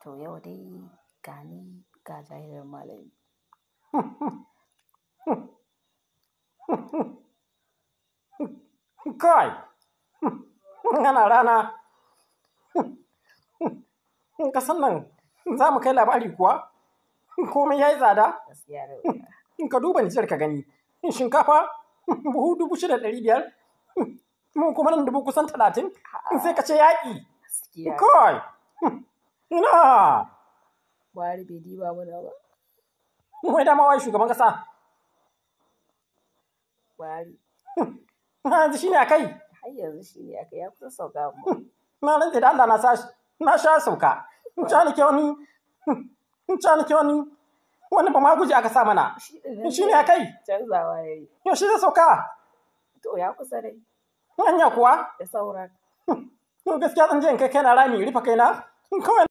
To yau dai ni ga zahirar malami. Kai! Ana rana. Kasan nan za mu kai labari kuwa? Komai ya yi tsada? Ka duba Nijar ka gani. Shinkafa buhu dubu shida ɗari biyar. Mun kuma nan dubu kusan talatin. Sai ka ce yaƙi. Kai! Ina! Buhari bai diba mana ba. Mai dama wai shugaban kasa. Buhari. Yanzu shi ne a kai. Har yanzu shi ne a kai ya kusa sauka mu. Na rantse da Allah na sha sauka. In ca nake wani in ca nake wani wani ba ma guji aka sa mana. Shi ne a kai. Canzawa ya yi. Yau shi zai sauka. To ya kusa dai. kuwa? Da Gaskiya zan je in kai kaina rami rufe kaina. Kawai